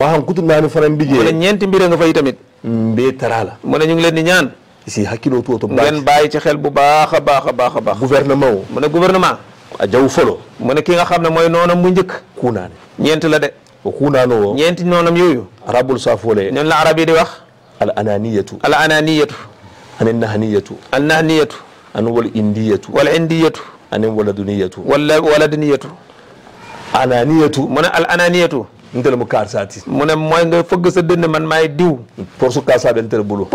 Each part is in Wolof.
maa xam kutut maani faram ne ñeenti mbir nga fay tamit mbee taraa la mu ne ñu ngi leen di ñaan si hakkiloo tuoto ngeen bàyyi ci xel bu baax a baax a baax a baax gouvernement o mu ne gouvernement a jaw folo mu ne ki nga xam ne mooy noonam bu njëkk kuunaane ñeenti la de o kuunaanoo ñeenti noonam yooyu arabul saafoole ñun la arab yi di wax al ananiyatu al ananiyatu anin nahaniyatu al nahaniyatu an wal indiyatu wal indiyatu anin waladuniyatu wala waladuniyatu ananiyatu mu ne al ananiyatu ntele mo karsati mu ne mooy nga fëgg sa dënn man maay diw postu karsaɓe ntere bulu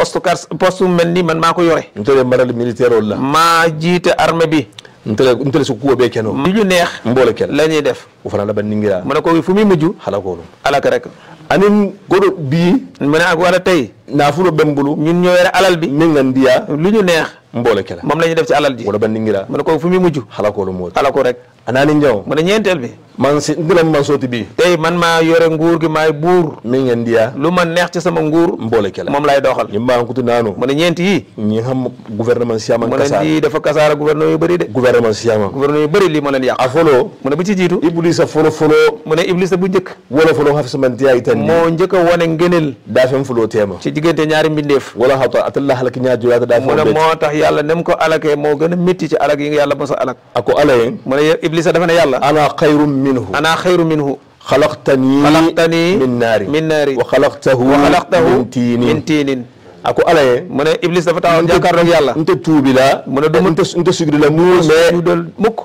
man maa ko yore ntele maral militaire ol la maa jiite bi ntele su kuwo bee kenoo li ñu neex mboole ken la ñuy def o fana laban ningira ko fu muy mujj xala koolu alaka rek anin goɗo bii mu ne ak wala tey ñun ñoo yore alal bi min ngan ndiya lu ñu neex mboole kela moom la ñuy def ci alal ji wala ban ningira mu ne ko fu muy mujj xala ala ko rek anani njaw mo ñentel bi man si ndilam man soti bi tay man ma yore nguur gi may bur mi ngeen ndiya lu ma neex ci sama nguur mbolé kela mom lay doxal ñu mbaa kutu naanu mu ne ñeenti yi ñi xam gouvernement siaman mu ne lii dafa kasaara gouvernement yu bari de gouvernement siaman gouvernement yu bari li mo len yaq a folo mu ne bu ci jitu iblisa folo folo mo ne iblisa bu ñeuk wala folo xaf sama yi tan mo ñeuk woné ngeenel da fam folo tema ci diggante ñaari mbindef wala hatta atallah lak ñaar julaata daafem mu ne moo tax yàlla nem ko alakee mo gëna metti ci alak yi nga yalla ba sa alak ako alay mo ne ya Iblisa dafa ne yàlla. ana xayrum minhu. ana xayrum minhu. xalaqtani. xalaqtani min naari. min naari. wa xalaqtahu. wa xalaqtahu min tiinin min tiinin. ako ah, ala ye mu ne Iblis dafa taxaw jàkkaarloog yàlla nte tuubi la mu ne dum nte nte sugri la mu mais dol mukk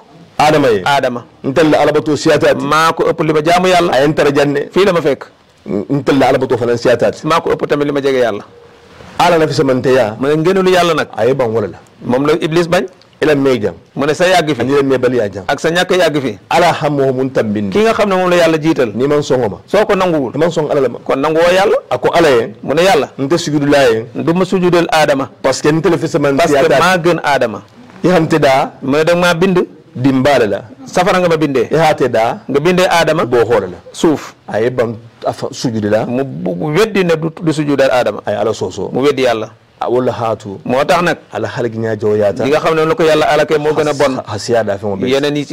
adama ye adama ntel la alabatoo siyataati maa ko ëpp li ma jaamu yàlla ayen tara janne fii la ma fekk ntel la alabatoo fanan siyataati maa ko ëpp tamit li ma jege yàlla ala na fi samanteya mu ne ngënalu yàlla nag aye ban wala la moom la Iblis bañ ilan may jam mu ne sa yàgg fi ilan may ak sa ñàkk yàgg fi ala xam moo mun tam bindi ki nga xam ne moom la yàlla jiital ni man songo ma soo ko nanguwul man song ala la ma kon nanguwoo yàlla a ko ala ye mu ne yàlla nte sujudu laa ye du ma sujudal aadama parce que nte le fi sama a que maa gën aadama yaxamte daa mu ne maa bind dimbaale la safara nga ma bindee yaxaate daa nga bindee aadama boo xoole la suuf ay ban afa sujudi la mu weddi ne du sujudal aadama ay ala soosoo mu yàlla Ah, wala haatu moo tax nag ala halgi ñaajowo yaata li nga xam ne la ko yàlla alake moo gën a bon a siyaada fi mo yeneen yi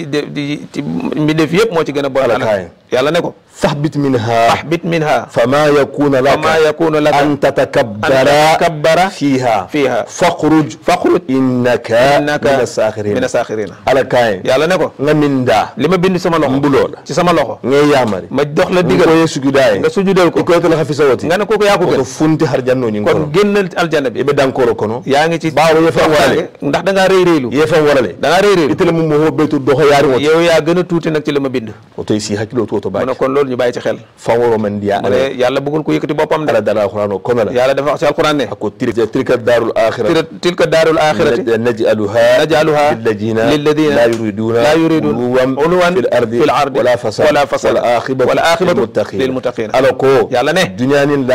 ci mi def yëpp moo ci gën a bon alakaye yàlla ne ko فاهبط منها فاهبط منها فما يكون لك فما يكون لك أن تتكبر, أن تتكبر فيها فيها فاخرج فاخرج إنك, إنك من الساخرين من الساخرين على كاين يلا نكو لمن دا لما بين سما لوخو مبلول سي سما لوخو ني يامري ما دوخ لا ديغال كوي سجوداي لا سجودال كو كوي كلا خفيسا وتي غانا كوكو ياكو كو فونتي خار جانو ني كون генال الجنه بي دانكورو كونو ياغي سي باو يفا ورالي ndax داغا ري ريلو reylu ورالي داغا ري nga rey مو هو بيتو mo ياري وات yaari يا غنا توتي نك tuuti لما بيند lama bind oto yi si hakkilo to to ba loolu ñu bàyyi ci xel fawro man ya yàlla bëggul ko yëkkati boppam de dara alquran ko la yàlla dafa ko tilka daarul aaxirati tilka daarul aaxirati naj'aluha naj'aluha lilladina la yuriduna la yuriduna uluwan fil ardi wala fasad wala fasad wal aaqibatu lil ko yàlla ne dunya nin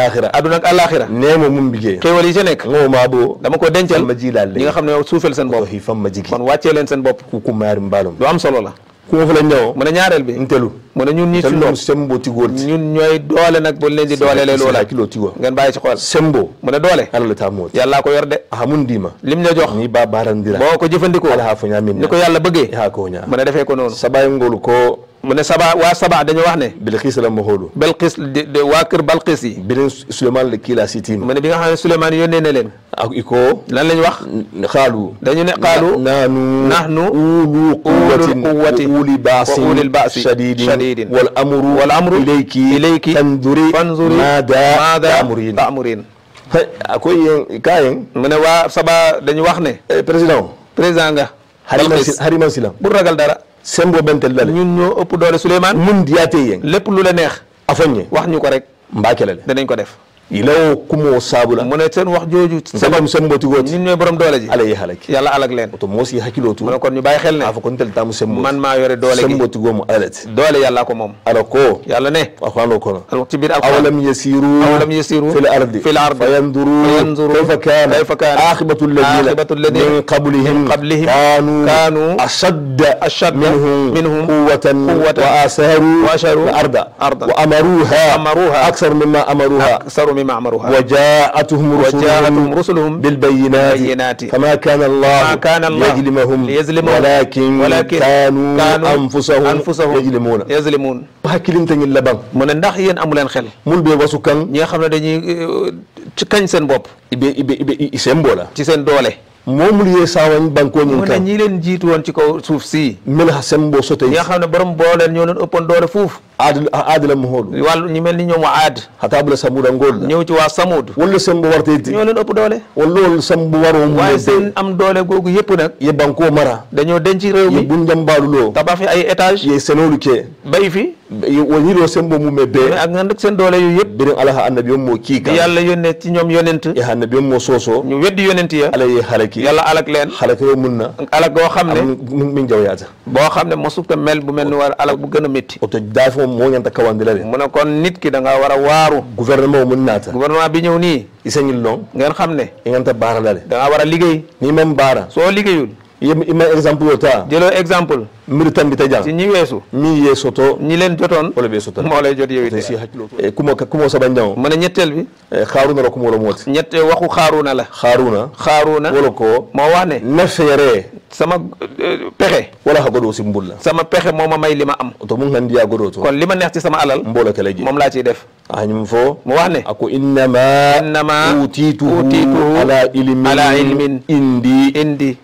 ma mum bigee xéewal yi ci nekk moo maa boo dama ko dencal ma ji laal ñi nga xam ne suufel seen bopp kon wàccee leen seen bopp ku ku maari mbaalum am solo la ku ma fa la ñëw mu ne ñaareel bi ntelu mu ne ñun ñi ci sembo tigol ñun ñooy doole nag bu leen di doole lay loola kilo tigo ngeen bàyyi ci sembo mu doole alal ko yor de xamun diima lim la jox ni ba barandira boo ko jëfandikoo ala ha ni ko yàlla bëggee ha ko ko noonu sa bàyyi ko mu Saba waa Saba dañoo wax ne. Bilqis la ma xoolu. Bilqis de waa kër Balqis yi. beneen Souleymane la kii laa si tiim. mu ne bi nga xam ne Souleymane yónnee na leen. ak iko. lan lañ wax. xaalu. dañu ne xaalu. naanu naanu. uulu quwwatin quwwati uuli baasin. uulil baasi shadidin shadidin. wal amru wal amru. ilayki ilayki. fanduri fanduri. maada taamurin taamurin. akoy yéen kaa yéen. mu ne waa Saba dañu wax ne. Eh, président. président nga. Balqis hariman si hariman si la. bu ragal dara. sembo bentel lale ñun ñoo ëpp doole Souleymane mun diyaatee yéen lépp lu le neex afoññe wax ñu ko rek mbaa kelale danañ ko def ilaw kumo sabula mu ne seen wax jooju sabam sembo ti gooti ñun ñooy borom doole ji alay halak yàlla alak leen to moos yi hakkilootu mu ne kon ñu bàyyi xel ne afa kon tel tamu sembo man maa yore doole gi sembo ti goomu alat doole yàlla ko moom ala ko yàlla ne alquran ko ci biir alquran awalam yasiru awalam yasiru fil ardi fil ardi fayanduru fayanduru kayfa kana kayfa kana aqibatu alladhina aqibatu alladhina min qablihim min qablihim kanu kanu ashad ashad minhum minhum quwwatan quwwatan wa asaru wa asharu arda arda wa amaruha amaruha akthar mimma amaruha akthar الظلم معمرها وجاءتهم رسلهم, رسلهم بالبينات فما كان الله, كان الله يجلمهم, يجلمهم ولكن, ولكن كانوا, كانوا أنفسهم, أنفسهم يجلمون يظلمون hakkilinta ngeen la bang mu ne ndax a amu leen xel mun bee wasu kan ci kañ seen bopp ibe ibe ci seen doole moomul yee saawañ bankoo ñu kan mu ne ñi leen jiitu woon ci kaw suuf sii mel xa seen boo sotee ñi nga xam ne borom boo leen ñoo leen ëppoon aad aad la muhodu wàllu ñu mel ni ñoom waa aad hata bula samud a ngool ñëw ci waa samud wala sembu warteti ñoo leen ëpp doole wala wala sembu waroo mu waaye seen am doole googu yëpp nag ye bankoo mara dañoo denc réew mi buñ njambaalu loo tabax fi ay étage ye senoolu kee bay fi woniro sembo mum e bee ak gandak sen doole yo yëpp birin alaha annabi on mo kiika yalla yonne ci ñoom yonent e annabi on mo soso ñu weddi yonent ya ala ye halaki yalla alak leen halaki yo mun na alak goo xam ne min jawyaata boo xam ne mosukta mel bu mel ni war alak bu gën a métti oto daafo moo ñanta kawandila de mu ne kon nit ki da nga war a waaru gouvernement o mun naata gouvernement bi ñëw nii isañil noon ngeen xam ne i nganta baara la de da nga war a liggéey nii même baara soo liggéeyul ima exemple yoo taa jëloo exemple mbir tan bi ta jang si ñi weesu mi yee ñi leen jotoon wala bee soto moo lay jot yow it eh, kumoo kumoo saba njango mu ne ñetteel bi eh, xaaruna la kumoo la mooti ñette waxu xaaruna la xaaruna xaaruna wala ko moo wax ne nefeere sama eh, pexe wala xa godoo si mbul la sama pexe moo ma may li ma am oto mu ngi xan diyaa godoo to kon li ma neex ci sama alal mbooloo ke la ji moom laa ciy def añum ah, fo mu wax ne ako innama innama utiituhu ala ilmin ala indi indi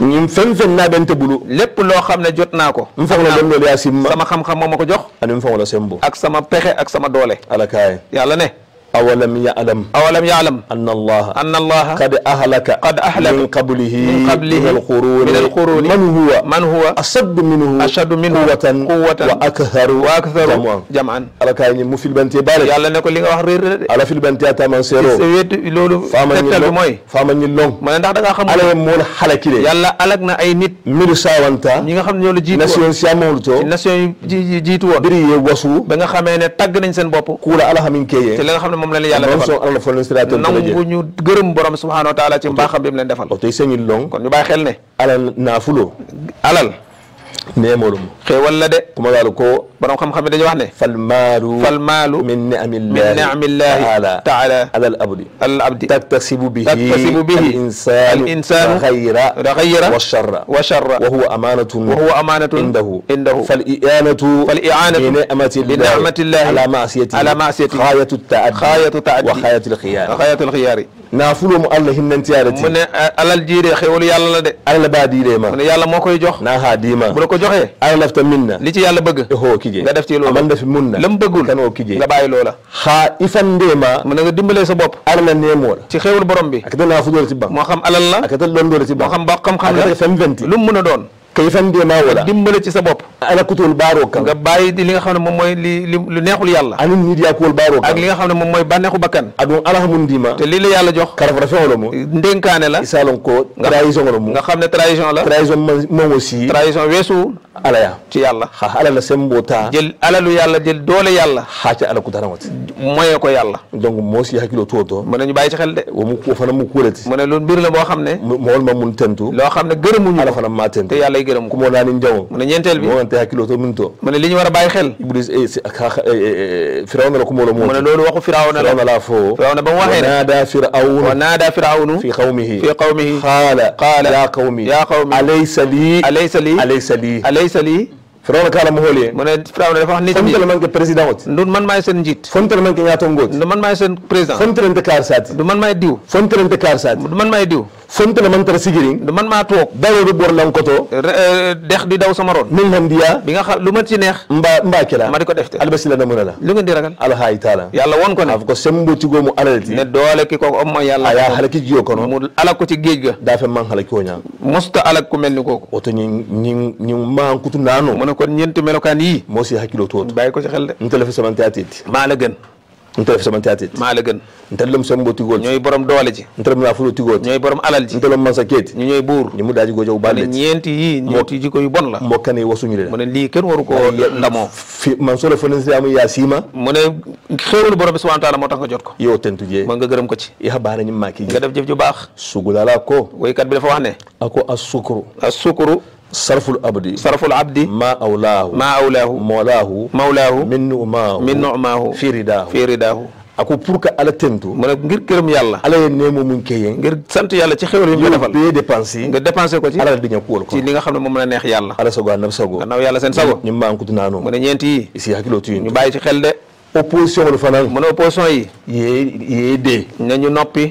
ñun fen fen naa bente bulu lépp loo xam ne jot naa ko m fawla dem loolu yaa simma sama xam-xam ma ko jox ani m fawla sembo ak sama pexe ak sama doole alakaay yàlla ne أولم يعلم أولم يعلم أن الله أن الله قد أهلك قد أهلك من قبله من قبله من القرون من القرون من هو من هو أشد منه أشد منه قوة قوة وأكثر وأكثر جمعا جمعا على كاين مو في البنت بارك يلا نقول لك واخ رير على في البنت تامان سيرو سويت لولو تتل موي فاما ني لون ما نداخ داغا خم على مول حلك لي يلا ألكنا أي نيت ميرو ساوانتا نيغا خم نيو جيتو ناسيون سيامول تو ناسيون جيتو بري واسو بيغا خامي ني تاغ نين سن بوب كولا الله خامين كيي تي nangu ñu gërëm borom subhaanahu wa taala ci mbaaxam bi mu leen defal kon ñu bàyyi xel ne alal naafuloo alal نيمورم خي ولا دي كوما قالو كو بروم خام خامي دانيو واخني فالمال فالمال من نعم الله من نعم الله تعالى تعالى على الابد الابد تكتسب به تكتسب الانسان الانسان والشر وهو امانه عنده فالاعانه بنعمه الله على معصيته على معصيته خايه الخيار نافلو مو الله هننتي على تي من على الجيري خيول يالا لا دي على بادي دي ما من يالا ماكوي جوخ نا ها ديما بلوكو جوخي اي لافت مننا لي يالا بغ هو كيجي دا دافتي لولا من داف مننا لم بغول كانو كيجي دا باي لولا خا ايفان ديما من نغا ديمبلي سا بوب على لا نيمول تي خيول بروم بي اك دنا فودور تي الله اك تا لون دور تي با مو خام باكم خام فام لوم مونا دون كيف ندير ما ولا ديمبل تي سبوب انا كنتو الباروكا غا باي دي ليغا خامن موم موي لو نيهول يالا انا نيت ياكو الباروكا اك ليغا خامن موم موي بانيهو بكان ادون الله من ديما تي لي لا يالا جوخ كارف رافيو لو مو ندينكان لا سالون كو ترايزون لو مو غا خامن ترايزون لا ترايزون موم اوسي ترايزون ويسو الا يا تي يالا خا الا لا سيمبوتا جيل الالو يالا جيل دولا يالا حاجه انا كنت انا وات موي كو يالا دونك موسي حكيلو توتو مانا ني باي تي خيل دي ومو كو فانا مو كولاتي مانا لون بير لا بو خامن مول ما مون تنتو لو خامن غيرمو ني الا فانا ما تنتو تي يالا yàlla gërëm ko ku moo naa ni njaw mu ne ñeenteel bi moonante hakkiloo to min to mu ne li ñu war a bàyyi xel iblis firawna la ku moo la moo mu ne loolu waxu firawna la firawna laa foo firawna ba mu waxee naada firawnu wa naada firawnu fi qawmihi fi qawmihi qaala qaala yaa qawmi yaa qawmi alaysa lii alaysa lii alaysa lii alaysa lii firawna kalamo hooli mone firawna dafa wax nit fomtele manke président oti ndu man maay seen njiit fomtele manke ñaatongoti ndu man maay seen président fomtelente kaar saati ndu man maay diw fomtelente kaar saati ndu man maay diw sontana mantara sigiring man maa toog daroru bor lankoto eh, dex di daw sama ron min ham diya bi lu ma ci neex mba mbakila ma di ko defte albasila na munala lu ngeen di ragal alhayi taala yàlla won ko ne af ko sembo ci goomu alalti ne doole ki ko omma yàlla aya halaki jiyo kono mu alak ko ci géej ga daafe man halaki woña mosta alak ku mel ni kooku oto ñi ñi ñi mankutu naano mu ne kon ñeenti melokaan yi moo si hakkilo toot bàyyi ko ci xel de ñu telefe samante atiti maa la gën ntele fo samantatete maa la gën ntele lom sombo tigol ñooy borom doole ji ntele mna fulo tigol ñooy borom alal ji ntele lom mansa keeti ñu ñooy buur ñu mu daaji gojow balle ñeenti ñeenti yi wasuñu le ko ndamoo fi man solo fo nesiamu yaa siima mu moo tax nga jot ko yow tentu jee ma nga ko ci ya baana ñu maaki nga def jëf ju baax sugulala ko woykat bi dafa wax ne ako as sukuru sarful abdi sarful abdi ma awlaahu ma awlaahu mawlaahu mawlaahu min nu'maahu min nu'maahu fi ridaahu fi ridaahu ako pour que ala tentu mu ne ngir gërëm yàlla ala ye nee moom mu ngi koy ngir sant yàlla ci xéwal yi mu defal yow bee dépensé nga dépensé ko ci alal bi ñëw kuwal ko ci li nga xam ne moom la neex yàlla ala sago anab sago gannaaw yàlla seen sago ñu maankutu naanu mu ne ñeenti yi isi hakkiloo tuyi ñu bàyyi ci xel de opposition lu fanaan mu ne opposition yi yee yee dee nañu noppi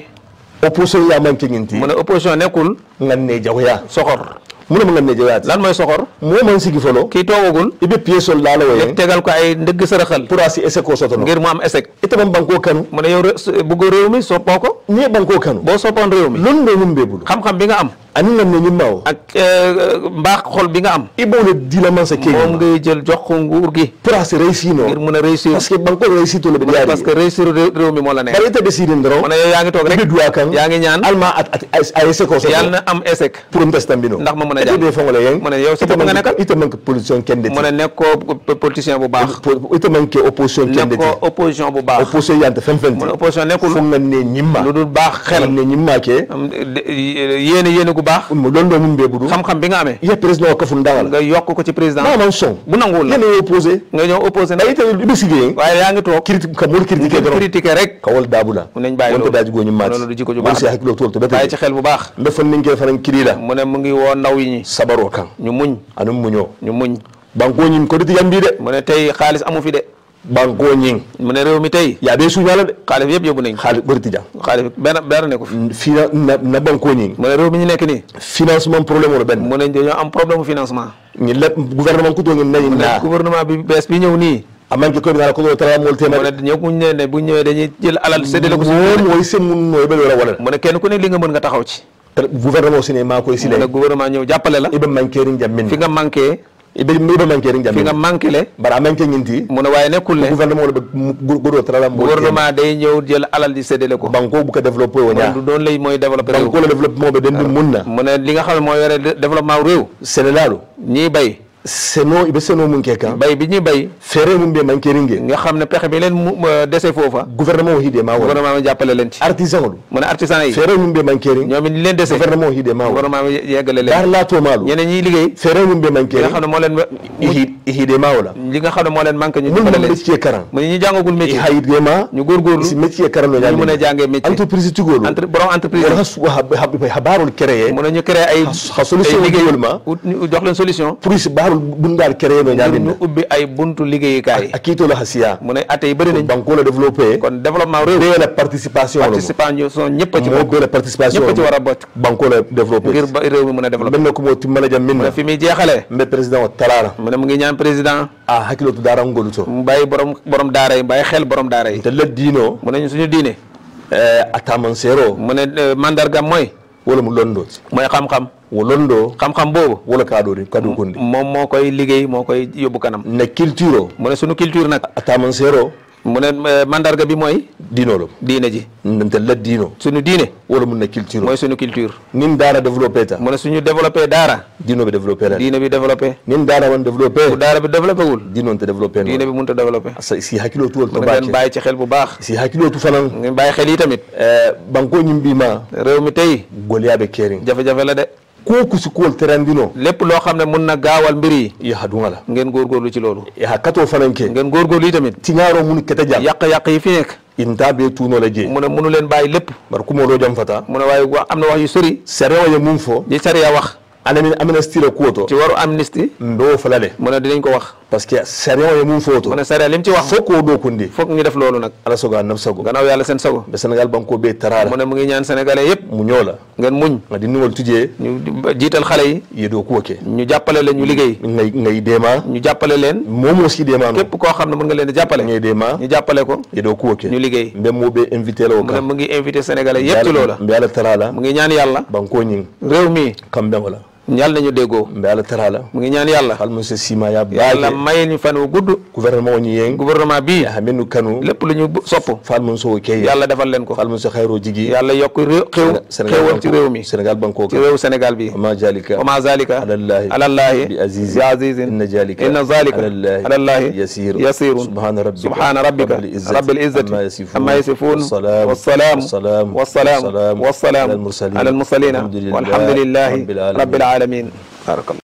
opposition yaa manqué ñeenti mu ne opposition nekkul ngan ne jago yaa soxor mu ne ma ngam ne jawaati lan mooy soxor moo man sigi folo kii toogagul ibe piesol laala woye tegal ko ay ndëgg saraxal pour asi échec o sotono ngir mu am échec itamam banko kanu mu ne yow bëgg réew mi soppoo ko ñee banko kanu boo soppoon réew mi lon doo mum beebulu xam-xam bi nga am ani lam ne ñimmaw ak euh, mbaax xol bi nga am i bowle dilamansa ke moom ngay jël jox ko nguur gi pour asi réussir noo a réussir parce que banque réussir to le la nekk bari a jàng dé fongole yeng mo ne xel ne ñimma ke yéene yéene ko baax un mo loolu mun bee budu xam-xam bi nga amee président o kafun dawal nga yokk ko ci président maanaam son bu nanguwul la yene opposé nga ñëw opposé na itam du sigé waaye yaa ngi toog critique ka mul rek ka wol daabu la nañ bàyyi loolu daaji gooñu maat mu ne mu ngi woo ndaw yi ñi sabaroo kan ñu muñ anum muñoo ñu muñ banko ñin ko di tigan bii de mu ne tey xaalis amu fi de banko ñing mu ne réew mi tey yaa bee suñu yàlla de xaalif yëpp yóbbu nañ xaalif bëri tijaan xaalif benn nekku ñu nekk nii financement problème wala benn mu ne dañoo am problème financement ñi lépp gouvernement ku too nii amanke ah, koy ngara ko do mun mooy bel kenn ku ne li nga mën nga taxaw ci gouvernement aussi ne maa si mu ne ñëw jàppale la ibam manqué riñ jam fi nga manqué ɓe mbiɗo manque eɗen jam kinga manque le mbaɗa manque ñinti mona wawi nekkul le gouvernement ɗo ɓe goɗo trala gouvernement day ñew jeel alal ɗi sédele ko banque buka développé o ña ɗon ley moye développé banque le développement ɓe ɗen ɗi munna mona li nga xam mooy were développement réew sénélaɗo ñi bay seno ibe seno mun ke bay bi ñuy bay feere mun be man kerin ge nga ma euh, wala gouvernement mi jàppale ma wala gouvernement mi yeggale leen daar liggéey feere mun be man kerin nga ma wala li nga si métier karan lo ñu entreprise tugoolu borom entreprise wala su habarul créé mu ne ñu créé ay ay liggéeyul ma jox leen solution pour kol bundal créé ɓe ñamin nu ubbi ay buntu liggéeykaay a kiitolo ha siya mune ate bëri nañ banque la développé kon développement réew ɓeena participation participation ñëpp ci ci war a bokk banque la développé ngir réew mi mun a fi mi jeexale mbe président président a ah, hakkiloto daarangolu to mu borom borom daara yi borom daara yi te la diino mu ne suñu diine eh, a taman seero mu ne eh, mandargam wala mu londo mooy xam-xam wo londo xam-xam boobu wala kaaɗoɗi kaɗo gonɗi moom moo koy liggéey moo koy yóbbu kanam ne culture o mu sunu culture nag a taman seero mu ne euh, mandarga bi mooy. diino la diine ji. nañ te la diino. suñu diine. wala mun na culture mooy suñu culture. nin daara développé ta. mu ne suñu développé daara. diino bi développé la diine bi développé. nin daara woon développé. bu daara bi développé wul. diinoon te développé noonu diine bi mënut a développé. sa si hakkiloo tuwal to xel bu baax. si hakkiloo tu fanan. ngeen bàyyi xel yi tamit. Eh, banko ñim ma. réew mi tey. goliyaa be keering jafe-jafe la de. ku kooku si kool terandino lépp loo xam ne mun na gaawal mbir yi yaha dunga la ngeen góorgóorlu ci loolu yaha katoo fanan ke ngeen góorgóorlu yi tamit tingaaroo mun kete jam yàq-yàq yi fi nekk inta be tuuno la jee mu munu leen bàyyi lépp bar ku moo doo jam fata mu ne waaye am na wax yu sori sariya ya mun fo li sariya wax anani amnestire kuwoto ci waru amnistie ndo falade mu ne dinañ ko wax parce que sariya ye mun fowoto mu ne sariya lim ci wax foog koo dookundi foog ñu def loolu nag ala sogo annab sago gannaaw yàlla seen sago ba Sénégal banko bee taraara mu ne mu ngi ñaan sénégalais yëpp mu ñoo la ngeen muñ nga di nuwal tujee ñu jiital xale yi yee doo kuwa ke ñu jàppale leen ñu liggéey ngay ngay deema ñu jàppale leen moomoo si deema koo xam ne mën nga leen di jàppale jàppale ko yee doo kuwa ke ñu liggéey mbém moo bee invité la mu ne mu ngi invité mu ngi ñaan la yàlla nañu déggoo mbe ala taraala mu ngi ñaan yàlla xal monsieur Sima yaa yàlla may ñu fan wu gudd gouvernement ñu yéeng gouvernement bii aminu kanu lépp lu ñu sopp fal mun sowo kay yàlla defal leen ko fal mun so xayroo jigi yàlla yokk réew xew xewal ci réew mi Sénégal banko ci réew Sénégal bi wama zalika wama zalika alallaahi alallaahi bi aziz ya aziz inna zalika inna zalika alallaahi yasir yasir subhana rabbika subhana rabbika rabbil izzati amma yasifun wassalam wassalam wassalam ala al mursalin alhamdulillahi rabbil alamin العالمين بارك الله